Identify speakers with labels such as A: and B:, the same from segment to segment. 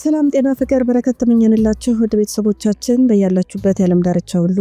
A: ሰላም ጤና ፍቅር በረከት ተመኘንላችሁ ወደ ቤተሰቦቻችን በያላችሁበት የዓለም ዳርቻ ሁሉ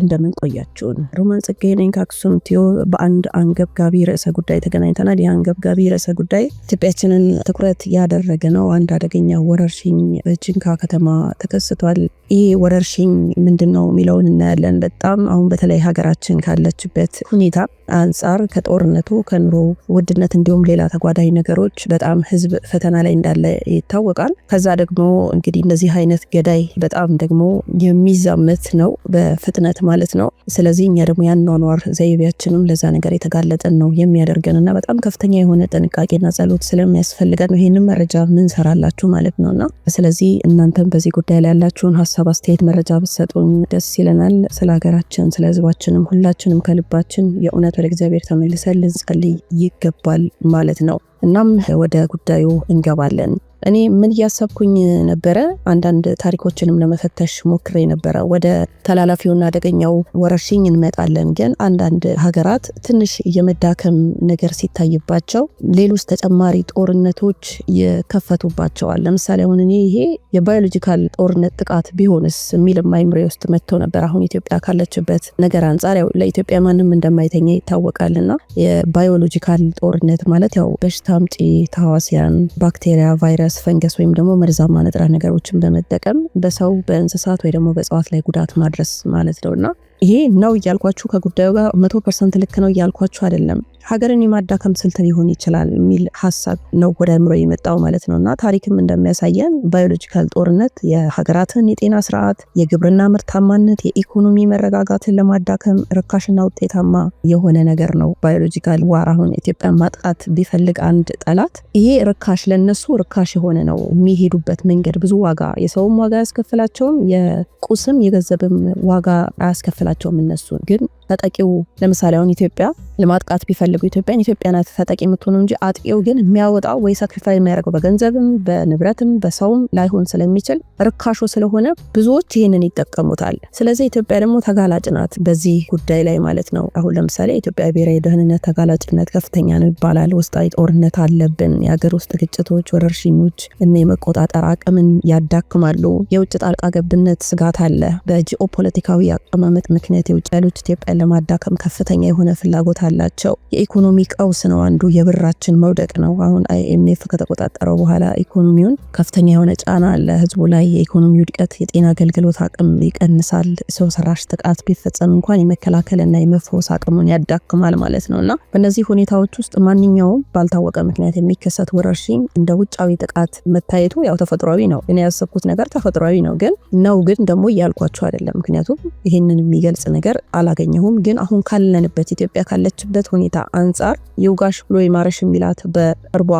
A: እንደምን ቆያችሁን። ሮማን ጽጌ ነኝ ከአክሱም ቲዮ በአንድ አንገብጋቢ ርዕሰ ጉዳይ ተገናኝተናል። ይህ አንገብጋቢ ርዕሰ ጉዳይ ኢትዮጵያችንን ትኩረት ያደረገ ነው። አንድ አደገኛ ወረርሽኝ በጅንካ ከተማ ተከስቷል። ይህ ወረርሽኝ ምንድን ነው የሚለውን እናያለን። በጣም አሁን በተለይ ሀገራችን ካለችበት ሁኔታ አንጻር ከጦርነቱ ከኑሮ ውድነት እንዲሁም ሌላ ተጓዳኝ ነገሮች በጣም ህዝብ ፈተና ላይ እንዳለ ይታወቃል። ከዛ ደግሞ እንግዲህ እነዚህ አይነት ገዳይ በጣም ደግሞ የሚዛመት ነው በፍጥነት ማለት ነው። ስለዚህ እኛ ደግሞ የአኗኗር ዘይቤያችንም ለዛ ነገር የተጋለጠን ነው የሚያደርገን እና በጣም ከፍተኛ የሆነ ጥንቃቄና ጸሎት ስለሚያስፈልገን ይህንም መረጃ ምንሰራላችሁ ማለት ነው እና ስለዚህ እናንተም በዚህ ጉዳይ ላይ ያላችሁን ሀሳብ፣ አስተያየት፣ መረጃ ብትሰጡን ደስ ይለናል። ስለ ሀገራችን ስለ ህዝባችንም ሁላችንም ከልባችን የእውነት ወደ እግዚአብሔር ተመልሰን ልንጸልይ ይገባል ማለት ነው። እናም ወደ ጉዳዩ እንገባለን። እኔ ምን እያሰብኩኝ ነበረ? አንዳንድ ታሪኮችንም ለመፈተሽ ሞክሬ ነበረ። ወደ ተላላፊውና አደገኛው ወረርሽኝ እንመጣለን። ግን አንዳንድ ሀገራት ትንሽ የመዳከም ነገር ሲታይባቸው ሌሎች ተጨማሪ ጦርነቶች ይከፈቱባቸዋል። ለምሳሌ አሁን እኔ ይሄ የባዮሎጂካል ጦርነት ጥቃት ቢሆንስ የሚል አይምሬ ውስጥ መጥቶ ነበር። አሁን ኢትዮጵያ ካለችበት ነገር አንጻር ያው ለኢትዮጵያ ማንም እንደማይተኛ ይታወቃልና የባዮሎጂካል ጦርነት ማለት ያው በሽታ አምጪ ተህዋሲያን ባክቴሪያ፣ ቫይረስ ቫይረስ፣ ፈንገስ ወይም ደግሞ መርዛማ ንጥረ ነገሮችን በመጠቀም በሰው በእንስሳት ወይ ደግሞ በእጽዋት ላይ ጉዳት ማድረስ ማለት ነው እና ይሄ ነው እያልኳችሁ ከጉዳዩ ጋር መቶ ፐርሰንት ልክ ነው እያልኳችሁ አይደለም። ሀገርን የማዳከም ስልት ሊሆን ይችላል የሚል ሀሳብ ነው ወደ አእምሮ የመጣው ማለት ነው። እና ታሪክም እንደሚያሳየን ባዮሎጂካል ጦርነት የሀገራትን የጤና ስርዓት፣ የግብርና ምርታማነት፣ የኢኮኖሚ መረጋጋትን ለማዳከም ርካሽና ውጤታማ የሆነ ነገር ነው። ባዮሎጂካል ዋር አሁን ኢትዮጵያን ማጥቃት ቢፈልግ አንድ ጠላት ይሄ ርካሽ ለነሱ ርካሽ የሆነ ነው። የሚሄዱበት መንገድ ብዙ ዋጋ የሰውም ዋጋ አያስከፍላቸውም፣ የቁስም የገንዘብም ዋጋ አያስከፍላቸው አልላቸውም እነሱን ግን ተጠቂው ለምሳሌ አሁን ኢትዮጵያ ለማጥቃት ቢፈልጉ ኢትዮጵያን ኢትዮጵያ ናት ተጠቂ የምትሆኑ እንጂ አጥቂው ግን የሚያወጣው ወይ ሳክሪፋይ የሚያደርገው በገንዘብም በንብረትም በሰውም ላይሆን ስለሚችል ርካሾ ስለሆነ ብዙዎች ይህንን ይጠቀሙታል። ስለዚህ ኢትዮጵያ ደግሞ ተጋላጭ ናት በዚህ ጉዳይ ላይ ማለት ነው። አሁን ለምሳሌ ኢትዮጵያ ብሔራዊ ደህንነት ተጋላጭነት ከፍተኛ ነው ይባላል። ውስጣዊ ጦርነት አለብን። የሀገር ውስጥ ግጭቶች፣ ወረርሽኞች እና የመቆጣጠር አቅምን ያዳክማሉ። የውጭ ጣልቃ ገብነት ስጋት አለ። በጂኦፖለቲካዊ አቀማመጥ ምክንያት የውጭ ኃይሎች ኢትዮጵያን ለማዳከም ከፍተኛ የሆነ ፍላጎት አላቸው። የኢኮኖሚ ቀውስ ነው አንዱ የብራችን መውደቅ ነው። አሁን አይኤምኤፍ ከተቆጣጠረው በኋላ ኢኮኖሚውን ከፍተኛ የሆነ ጫና አለ ህዝቡ ላይ። የኢኮኖሚ ውድቀት የጤና አገልግሎት አቅም ይቀንሳል። ሰው ሰራሽ ጥቃት ቢፈጸም እንኳን የመከላከልና የመፈወስ አቅሙን ያዳክማል ማለት ነው እና በእነዚህ ሁኔታዎች ውስጥ ማንኛውም ባልታወቀ ምክንያት የሚከሰት ወረርሽኝ እንደ ውጫዊ ጥቃት መታየቱ ያው ተፈጥሯዊ ነው። እኔ ያሰብኩት ነገር ተፈጥሯዊ ነው ግን ነው ግን ደግሞ እያልኳቸው አይደለም። ምክንያቱም ይህንን የሚገልጽ ነገር አላገኘሁም። ግን አሁን ካለንበት ኢትዮጵያ ካለች ካለችበት ሁኔታ አንጻር ይውጋሽ ብሎ ይማረሽ የሚላት በቅርቧ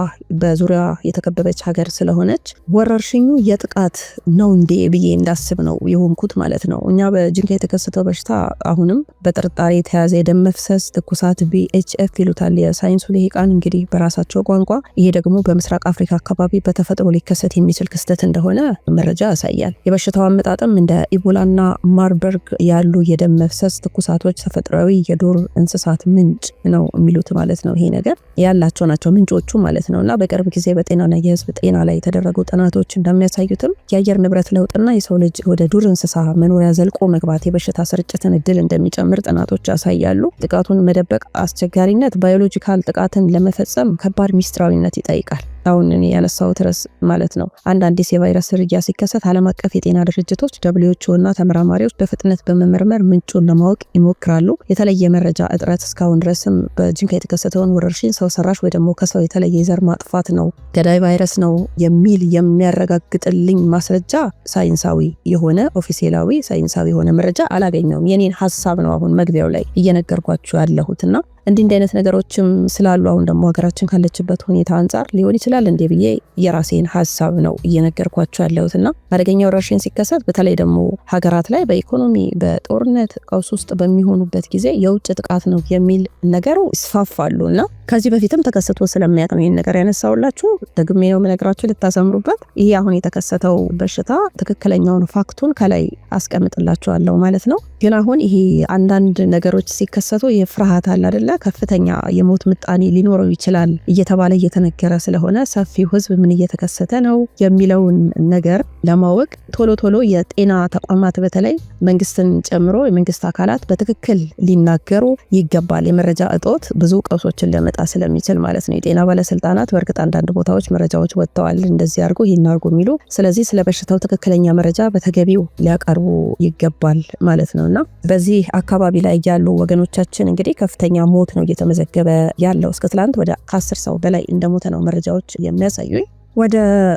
A: በዙሪያ የተከበበች ሀገር ስለሆነች ወረርሽኙ የጥቃት ነው እንዴ ብዬ እንዳስብ ነው የሆንኩት ማለት ነው። እኛ በጅንካ የተከሰተው በሽታ አሁንም በጥርጣሬ የተያዘ የደም መፍሰስ፣ ትኩሳት ቪኤችኤፍ ይሉታል የሳይንሱ ልሂቃን እንግዲህ በራሳቸው ቋንቋ። ይሄ ደግሞ በምስራቅ አፍሪካ አካባቢ በተፈጥሮ ሊከሰት የሚችል ክስተት እንደሆነ መረጃ ያሳያል። የበሽታው አመጣጥም እንደ ኢቦላና ማርበርግ ያሉ የደም መፍሰስ ትኩሳቶች ተፈጥሯዊ የዱር እንስሳት ምን ምንጭ ነው የሚሉት ማለት ነው። ይሄ ነገር ያላቸው ናቸው ምንጮቹ ማለት ነው። እና በቅርብ ጊዜ በጤናና የህዝብ ጤና ላይ የተደረጉ ጥናቶች እንደሚያሳዩትም የአየር ንብረት ለውጥና የሰው ልጅ ወደ ዱር እንስሳ መኖሪያ ዘልቆ መግባት የበሽታ ስርጭትን እድል እንደሚጨምር ጥናቶች ያሳያሉ። ጥቃቱን መደበቅ አስቸጋሪነት ባዮሎጂካል ጥቃትን ለመፈጸም ከባድ ሚስጥራዊነት ይጠይቃል። አሁን ያነሳሁት ርዕስ ማለት ነው። አንድ አዲስ የቫይረስ ዝርያ ሲከሰት ዓለም አቀፍ የጤና ድርጅቶች እና ተመራማሪዎች በፍጥነት በመመርመር ምንጩን ለማወቅ ይሞክራሉ። የተለየ መረጃ እጥረት እስካሁን ድረስም በጅንካ የተከሰተውን ወረርሽኝ ሰው ሰራሽ ወይ ደግሞ ከሰው የተለየ የዘር ማጥፋት ነው፣ ገዳይ ቫይረስ ነው የሚል የሚያረጋግጥልኝ ማስረጃ ሳይንሳዊ የሆነ ኦፊሴላዊ ሳይንሳዊ የሆነ መረጃ አላገኘውም። የኔን ሀሳብ ነው አሁን መግቢያው ላይ እየነገርኳችሁ ያለሁት እና እንዲህ እንዲህ አይነት ነገሮችም ስላሉ አሁን ደግሞ ሀገራችን ካለችበት ሁኔታ አንጻር ሊሆን ይችላል እንዲ ብዬ የራሴን ሀሳብ ነው እየነገርኳቸው ያለሁት እና አደገኛ ወረርሽኝ ሲከሰት በተለይ ደግሞ ሀገራት ላይ በኢኮኖሚ በጦርነት ቀውስ ውስጥ በሚሆኑበት ጊዜ የውጭ ጥቃት ነው የሚል ነገሩ ይስፋፋሉ እና ከዚህ በፊትም ተከስቶ ስለሚያውቅ ነው ይህን ነገር ያነሳውላችሁ። ደግሜ ነው የምነግራችሁ ልታሰምሩበት። ይሄ አሁን የተከሰተው በሽታ ትክክለኛውን ፋክቱን ከላይ አስቀምጥላችኋለሁ ማለት ነው። ግን አሁን ይሄ አንዳንድ ነገሮች ሲከሰቱ የፍርሃት አለ አደለ፣ ከፍተኛ የሞት ምጣኔ ሊኖረው ይችላል እየተባለ እየተነገረ ስለሆነ ሰፊው ህዝብ ምን እየተከሰተ ነው የሚለውን ነገር ለማወቅ ቶሎ ቶሎ የጤና ተቋማት በተለይ መንግስትን ጨምሮ የመንግስት አካላት በትክክል ሊናገሩ ይገባል። የመረጃ እጦት ብዙ ቀውሶችን ሊያመጣ ሊያመጣ ስለሚችል ማለት ነው። የጤና ባለስልጣናት በእርግጥ አንዳንድ ቦታዎች መረጃዎች ወጥተዋል፣ እንደዚህ አድርጉ፣ ይህን አድርጉ የሚሉ ስለዚህ ስለ በሽታው ትክክለኛ መረጃ በተገቢው ሊያቀርቡ ይገባል ማለት ነው እና በዚህ አካባቢ ላይ ያሉ ወገኖቻችን እንግዲህ ከፍተኛ ሞት ነው እየተመዘገበ ያለው። እስከ ትላንት ወደ ከአስር ሰው በላይ እንደሞተ ነው መረጃዎች የሚያሳዩኝ። ወደ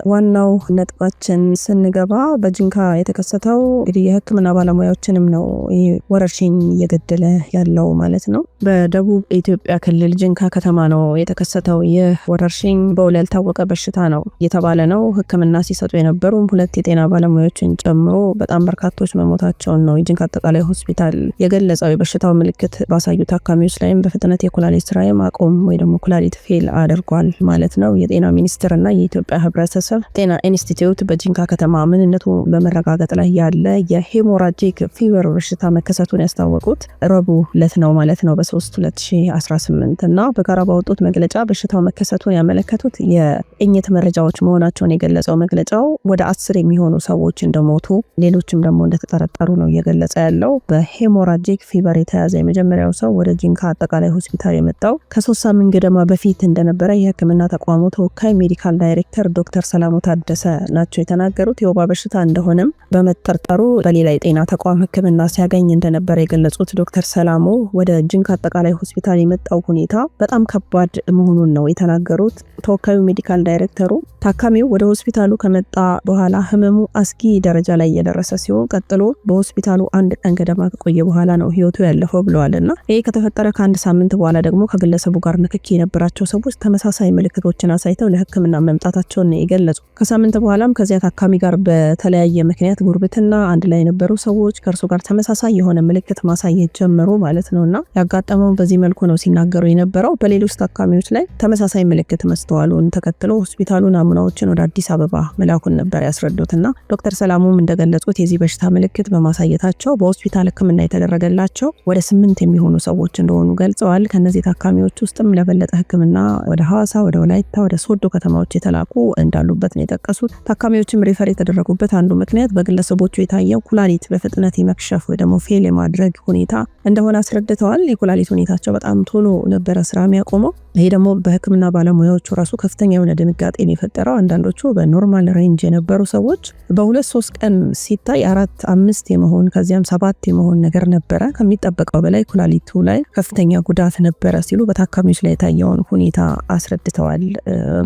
A: ዋናው ነጥባችን ስንገባ በጅንካ የተከሰተው እንግዲህ የሕክምና ባለሙያዎችንም ነው ይህ ወረርሽኝ እየገደለ ያለው ማለት ነው። በደቡብ ኢትዮጵያ ክልል ጅንካ ከተማ ነው የተከሰተው። ይህ ወረርሽኝ በውል ያልታወቀ በሽታ ነው እየተባለ ነው። ሕክምና ሲሰጡ የነበሩ ሁለት የጤና ባለሙያዎችን ጨምሮ በጣም በርካቶች መሞታቸውን ነው የጅንካ አጠቃላይ ሆስፒታል የገለጸው። የበሽታው ምልክት ባሳዩ ታካሚዎች ላይም በፍጥነት የኩላሊት ስራ ማቆም ወይ ደግሞ ኩላሊት ፌል አድርጓል ማለት ነው። የጤና ሚኒስትር እና የኢትዮጵያ የኢትዮጵያ ህብረተሰብ ጤና ኢንስቲትዩት በጂንካ ከተማ ምንነቱ በመረጋገጥ ላይ ያለ የሄሞራጂክ ፊቨር በሽታ መከሰቱን ያስታወቁት ረቡዕ ዕለት ነው ማለት ነው በ3 2018 እና በጋራ ባወጡት መግለጫ በሽታው መከሰቱን ያመለከቱት የእኝት መረጃዎች መሆናቸውን የገለጸው መግለጫው ወደ አስር የሚሆኑ ሰዎች እንደሞቱ ሌሎችም ደግሞ እንደተጠረጠሩ ነው እየገለጸ ያለው። በሄሞራጂክ ፊቨር የተያዘ የመጀመሪያው ሰው ወደ ጂንካ አጠቃላይ ሆስፒታል የመጣው ከሶስት ሳምንት ገደማ በፊት እንደነበረ የህክምና ተቋሙ ተወካይ ሜዲካል ዳይሬክት ዳይሬክተር ዶክተር ሰላሙ ታደሰ ናቸው የተናገሩት። የወባ በሽታ እንደሆነም በመጠርጠሩ በሌላ የጤና ተቋም ሕክምና ሲያገኝ እንደነበረ የገለጹት ዶክተር ሰላሙ ወደ ጅንካ አጠቃላይ ሆስፒታል የመጣው ሁኔታ በጣም ከባድ መሆኑን ነው የተናገሩት። ተወካዩ ሜዲካል ዳይሬክተሩ ታካሚው ወደ ሆስፒታሉ ከመጣ በኋላ ህመሙ አስጊ ደረጃ ላይ እየደረሰ ሲሆን ቀጥሎ በሆስፒታሉ አንድ ቀን ገደማ ከቆየ በኋላ ነው ህይወቱ ያለፈው ብለዋልና ይህ ከተፈጠረ ከአንድ ሳምንት በኋላ ደግሞ ከግለሰቡ ጋር ንክኪ የነበራቸው ሰዎች ተመሳሳይ ምልክቶችን አሳይተው ለህክምና መምጣት መሆናቸውን የገለጹ ከሳምንት በኋላም ከዚያ ታካሚ ጋር በተለያየ ምክንያት ጉርብትና፣ አንድ ላይ የነበሩ ሰዎች ከእርሱ ጋር ተመሳሳይ የሆነ ምልክት ማሳየት ጀመሩ ማለት ነው እና ያጋጠመው በዚህ መልኩ ነው ሲናገሩ የነበረው። በሌሎች ታካሚዎች ላይ ተመሳሳይ ምልክት መስተዋሉን ተከትሎ ሆስፒታሉ ናሙናዎችን ወደ አዲስ አበባ መላኩን ነበር ያስረዱትና ዶክተር ሰላሙም እንደገለጹት የዚህ በሽታ ምልክት በማሳየታቸው በሆስፒታል ሕክምና የተደረገላቸው ወደ ስምንት የሚሆኑ ሰዎች እንደሆኑ ገልጸዋል። ከነዚህ ታካሚዎች ውስጥም ለበለጠ ሕክምና ወደ ሐዋሳ፣ ወደ ወላይታ፣ ወደ ሶዶ ከተማዎች የተላኩ እንዳሉበት ነው የጠቀሱት። ታካሚዎችም ሪፈር የተደረጉበት አንዱ ምክንያት በግለሰቦቹ የታየው ኩላሊት በፍጥነት የመክሸፍ ወይ ደግሞ ፌል የማድረግ ሁኔታ እንደሆነ አስረድተዋል። የኩላሊት ሁኔታቸው በጣም ቶሎ ነበረ ስራ የሚያቆመው። ይሄ ደግሞ በህክምና ባለሙያዎቹ ራሱ ከፍተኛ የሆነ ድንጋጤ ነው የፈጠረው። አንዳንዶቹ በኖርማል ሬንጅ የነበሩ ሰዎች በሁለት ሶስት ቀን ሲታይ አራት አምስት የመሆን ከዚያም ሰባት የመሆን ነገር ነበረ። ከሚጠበቀው በላይ ኩላሊቱ ላይ ከፍተኛ ጉዳት ነበረ ሲሉ በታካሚዎች ላይ የታየውን ሁኔታ አስረድተዋል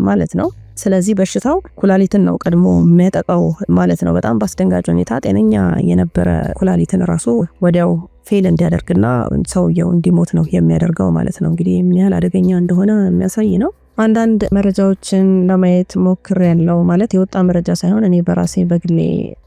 A: ማለት ነው። ስለዚህ በሽታው ኩላሊትን ነው ቀድሞ የሚያጠቃው ማለት ነው። በጣም በአስደንጋጭ ሁኔታ ጤነኛ የነበረ ኩላሊትን ራሱ ወዲያው ፌል እንዲያደርግና ሰውየው እንዲሞት ነው የሚያደርገው ማለት ነው። እንግዲህ ምን ያህል አደገኛ እንደሆነ የሚያሳይ ነው። አንዳንድ መረጃዎችን ለማየት ሞክር ያለው ማለት የወጣ መረጃ ሳይሆን እኔ በራሴ በግሌ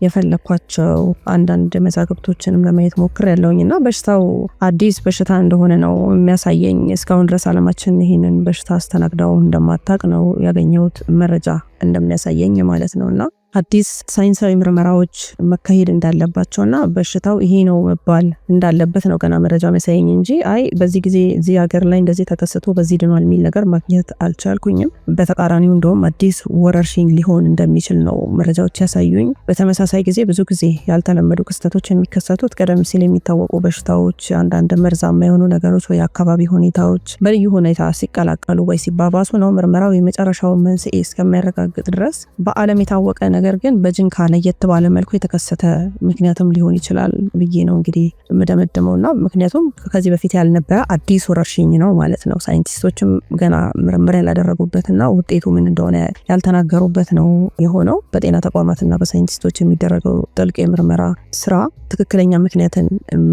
A: የፈለግኳቸው አንዳንድ መዛግብቶችንም ለማየት ሞክር ያለውኝ እና በሽታው አዲስ በሽታ እንደሆነ ነው የሚያሳየኝ። እስካሁን ድረስ አለማችን ይህንን በሽታ አስተናግዳው እንደማታቅ ነው ያገኘሁት መረጃ እንደሚያሳየኝ ማለት ነው እና አዲስ ሳይንሳዊ ምርመራዎች መካሄድ እንዳለባቸውና በሽታው ይሄ ነው መባል እንዳለበት ነው ገና መረጃ መሳይኝ እንጂ አይ በዚህ ጊዜ እዚህ ሀገር ላይ እንደዚህ ተከስቶ በዚህ ድኗል የሚል ነገር ማግኘት አልቻልኩኝም። በተቃራኒው እንደውም አዲስ ወረርሽኝ ሊሆን እንደሚችል ነው መረጃዎች ያሳዩኝ። በተመሳሳይ ጊዜ ብዙ ጊዜ ያልተለመዱ ክስተቶች የሚከሰቱት ቀደም ሲል የሚታወቁ በሽታዎች፣ አንዳንድ መርዛማ የሆኑ ነገሮች ወይ አካባቢ ሁኔታዎች በልዩ ሁኔታ ሲቀላቀሉ ወይ ሲባባሱ ነው። ምርመራው የመጨረሻውን መንስኤ እስከሚያረጋግጥ ድረስ በዓለም የታወቀ ነገር ግን በጅንካ ለየት ባለ መልኩ የተከሰተ ምክንያትም ሊሆን ይችላል ብዬ ነው እንግዲህ የምደመድመው እና ምክንያቱም ከዚህ በፊት ያልነበረ አዲስ ወረርሽኝ ነው ማለት ነው። ሳይንቲስቶችም ገና ምርምር ያላደረጉበትና ውጤቱ ምን እንደሆነ ያልተናገሩበት ነው የሆነው። በጤና ተቋማትና በሳይንቲስቶች የሚደረገው ጥልቅ የምርመራ ስራ ትክክለኛ ምክንያትን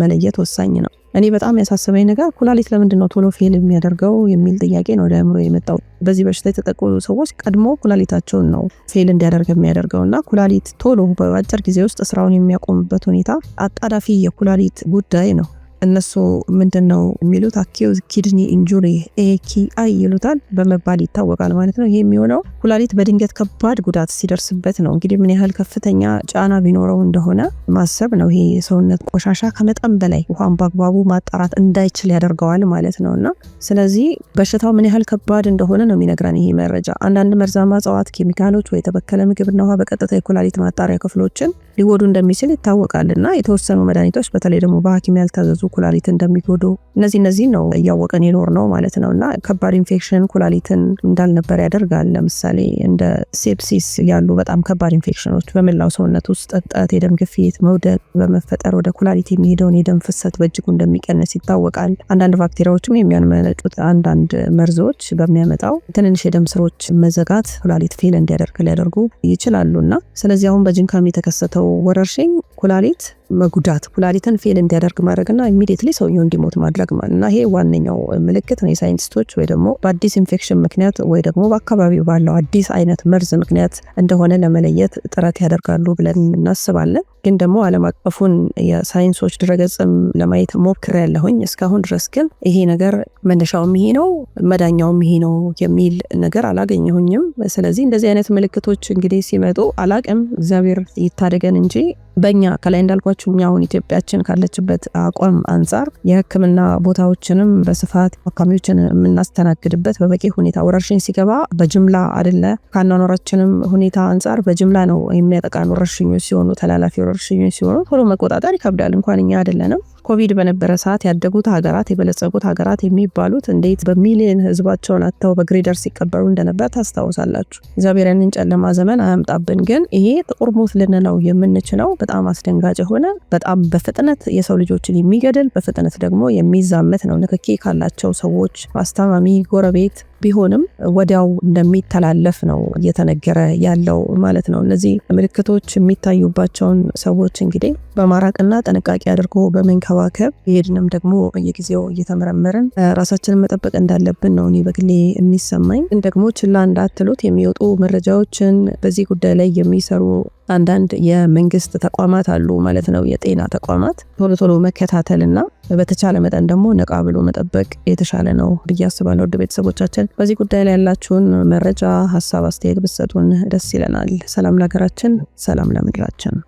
A: መለየት ወሳኝ ነው። እኔ በጣም ያሳሰበኝ ነገር ኩላሊት ለምንድን ነው ቶሎ ፌል የሚያደርገው የሚል ጥያቄ ነው ወደ አእምሮ የመጣው። በዚህ በሽታ የተጠቁ ሰዎች ቀድሞ ኩላሊታቸውን ነው ፌል እንዲያደርግ የሚያደርገው እና ኩላሊት ቶሎ በአጭር ጊዜ ውስጥ ስራውን የሚያቆምበት ሁኔታ አጣዳፊ የኩላሊት ጉዳይ ነው። እነሱ ምንድን ነው የሚሉት አኪዩዝ ኪድኒ ኢንጁሪ ኤኪአይ ይሉታል በመባል ይታወቃል ማለት ነው። ይህ የሚሆነው ኩላሊት በድንገት ከባድ ጉዳት ሲደርስበት ነው። እንግዲህ ምን ያህል ከፍተኛ ጫና ቢኖረው እንደሆነ ማሰብ ነው። ይሄ የሰውነት ቆሻሻ ከመጠን በላይ ውሃን በአግባቡ ማጣራት እንዳይችል ያደርገዋል ማለት ነው። እና ስለዚህ በሽታው ምን ያህል ከባድ እንደሆነ ነው የሚነግረን ይሄ መረጃ። አንዳንድ መርዛማ እጽዋት፣ ኬሚካሎች ወይ የተበከለ ምግብና ውሃ በቀጥታ የኩላሊት ማጣሪያ ክፍሎችን ሊጎዱ እንደሚችል ይታወቃል እና የተወሰኑ መድኃኒቶች በተለይ ደግሞ በሐኪም ያልታዘዙ ኩላሊት እንደሚጎዱ እነዚህ እነዚህ ነው እያወቀን የኖር ነው ማለት ነው እና ከባድ ኢንፌክሽን ኩላሊትን እንዳልነበር ያደርጋል። ለምሳሌ እንደ ሴፕሲስ ያሉ በጣም ከባድ ኢንፌክሽኖች በመላው ሰውነት ውስጥ እብጠት፣ የደም ግፊት መውደቅ በመፈጠር ወደ ኩላሊት የሚሄደውን የደም ፍሰት በእጅጉ እንደሚቀንስ ይታወቃል። አንዳንድ ባክቴሪያዎችም የሚያመነጩት አንዳንድ መርዞች በሚያመጣው ትንንሽ የደም ስሮች መዘጋት ኩላሊት ፌል እንዲያደርግ ሊያደርጉ ይችላሉ እና ስለዚህ አሁን በጅንካም የተከሰተው выражений ኩላሊት መጉዳት ኩላሊትን ፌል እንዲያደርግ ማድረግና ኢሚዲየትሊ ሰውየው እንዲሞት ማድረግ ማለት እና ይሄ ዋነኛው ምልክት ነው። የሳይንቲስቶች ወይ ደግሞ በአዲስ ኢንፌክሽን ምክንያት ወይ ደግሞ በአካባቢው ባለው አዲስ አይነት መርዝ ምክንያት እንደሆነ ለመለየት ጥረት ያደርጋሉ ብለን እናስባለን። ግን ደግሞ ዓለም አቀፉን የሳይንሶች ድረገጽም ለማየት ሞክር ያለሁኝ እስካሁን ድረስ ግን ይሄ ነገር መነሻውም ይሄ ነው መዳኛውም ይሄ ነው የሚል ነገር አላገኘሁኝም። ስለዚህ እንደዚህ አይነት ምልክቶች እንግዲህ ሲመጡ አላቅም እግዚአብሔር ይታደገን እንጂ በእኛ ከላይ እንዳልኳችሁ እኛ አሁን ኢትዮጵያችን ካለችበት አቋም አንጻር የህክምና ቦታዎችንም በስፋት አካሚዎችን የምናስተናግድበት በበቂ ሁኔታ ወረርሽኝ ሲገባ በጅምላ አደለ ከአኗኗራችንም ሁኔታ አንጻር በጅምላ ነው የሚያጠቃን ወረርሽኞች ሲሆኑ ተላላፊ ወረርሽኞች ሲሆኑ ቶሎ መቆጣጠር ይከብዳል። እንኳን እኛ አደለንም ኮቪድ በነበረ ሰዓት ያደጉት ሀገራት የበለጸጉት ሀገራት የሚባሉት እንዴት በሚሊዮን ህዝባቸውን አጥተው በግሬደር ሲቀበሩ እንደነበር ታስታውሳላችሁ። እግዚአብሔር ያንን ጨለማ ዘመን አያምጣብን። ግን ይሄ ጥቁር ሞት ልንለው የምንችለው በጣም አስደንጋጭ የሆነ በጣም በፍጥነት የሰው ልጆችን የሚገድል በፍጥነት ደግሞ የሚዛመት ነው። ንክኪ ካላቸው ሰዎች አስታማሚ፣ ጎረቤት፣ ቢሆንም ወዲያው እንደሚተላለፍ ነው እየተነገረ ያለው ማለት ነው። እነዚህ ምልክቶች የሚታዩባቸውን ሰዎች እንግዲህ በማራቅና ጥንቃቄ አድርጎ በመንከባከብ ይሄድንም ደግሞ በየጊዜው እየተመረመርን ራሳችንን መጠበቅ እንዳለብን ነው እኔ በግሌ የሚሰማኝ። ግን ደግሞ ችላ እንዳትሉት የሚወጡ መረጃዎችን በዚህ ጉዳይ ላይ የሚሰሩ አንዳንድ የመንግስት ተቋማት አሉ ማለት ነው። የጤና ተቋማት ቶሎ ቶሎ መከታተልና በተቻለ መጠን ደግሞ ነቃ ብሎ መጠበቅ የተሻለ ነው ብዬ አስባለሁ። ውድ ቤተሰቦቻችን በዚህ ጉዳይ ላይ ያላችሁን መረጃ፣ ሀሳብ፣ አስተያየት ብትሰጡን ደስ ይለናል። ሰላም ለሀገራችን፣ ሰላም ለምድራችን።